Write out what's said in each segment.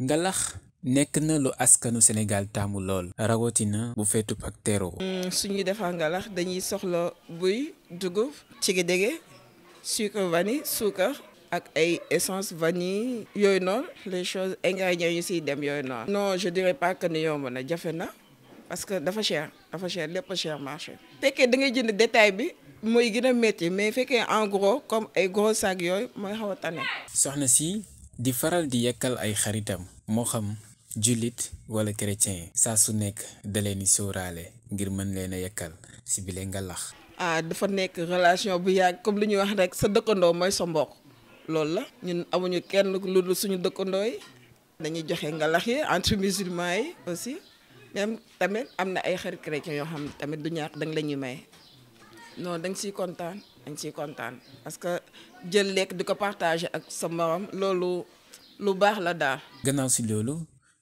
ngalax nekk na lu askanu Sénégal taamu lool rawatina bu feetu ak teroo mm, suñuy defar ngalax dañuy soxla buy dugub cigi dége sucre vanille suukar ak ay essence vanille yooyu noon les choses ingrédients yu siy dem yooy noonu non je dirais pas ni yomb na jafe na parce que dafa cher dafa cher lépp cher marché fekkee da ngay jënd détail bi mooy gën a métti mais fekkee en gros comme ay gros sac yooyu mooy xaw a tane. soxna si di faral di yekkal ay xaritam moo xam jullit wala chrétien saa su nekk da leen di sóoraale ngir mën leen a yekkal si bile nga ah dafa nekk relation bu yàgg comme li ñuy wax rek sa dëkkandoo mooy sa mbokk loolu la ñun amuñu kenn lu dul suñu dëkkandoo yi. dañuy joxe ngalax yi entre musulmans yi aussi même tamit am na ay xarit chrétien yoo xam ne tamit du ñaax danga la may. non dañ siy kontaan dañ siy kontaan parce que jël lekk di ko partager ak sa morom loolu lu baax la daal. gannaaw si loolu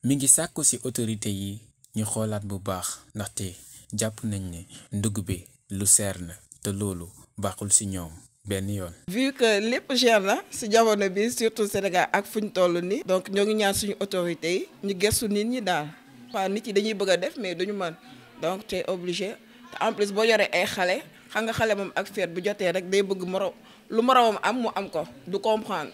mi ngi sàkku si autorité yi ñu xoolaat bu baax ndaxte jàpp nañ ne ndugg bi lu seer na te loolu baaxul si ñoom. benn yoon. vu que lépp cher na si jamono bi surtout Sénégal ak fu ñu toll nii. donc ñoo ngi ñaan suñu autorité yi. ñu gëstu nit ñi daal. pas nit yi dañuy bëgg a def mais duñu man donc t'es obligé te en plus boo yoree ay xale. xam nga xale moom ak feet bu jotee rek day bëgg moro lu moroomam am mu am ko du comprendre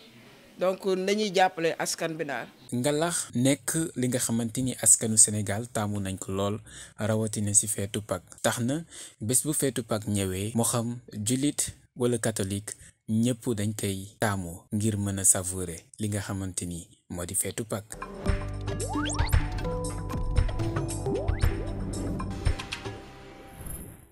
donc nañuy jàppale askan bi daal. ngalax nekk li nga xamante ni askanu senegal taamu nañ ko lool rawatina ci feetu Pâques tax na bés bu feetu Pâques ñëwee moo xam jullit wala katolik ñépp dañ koy taamu ngir mëna a savourer li nga xamante ni moo di feetu Pâques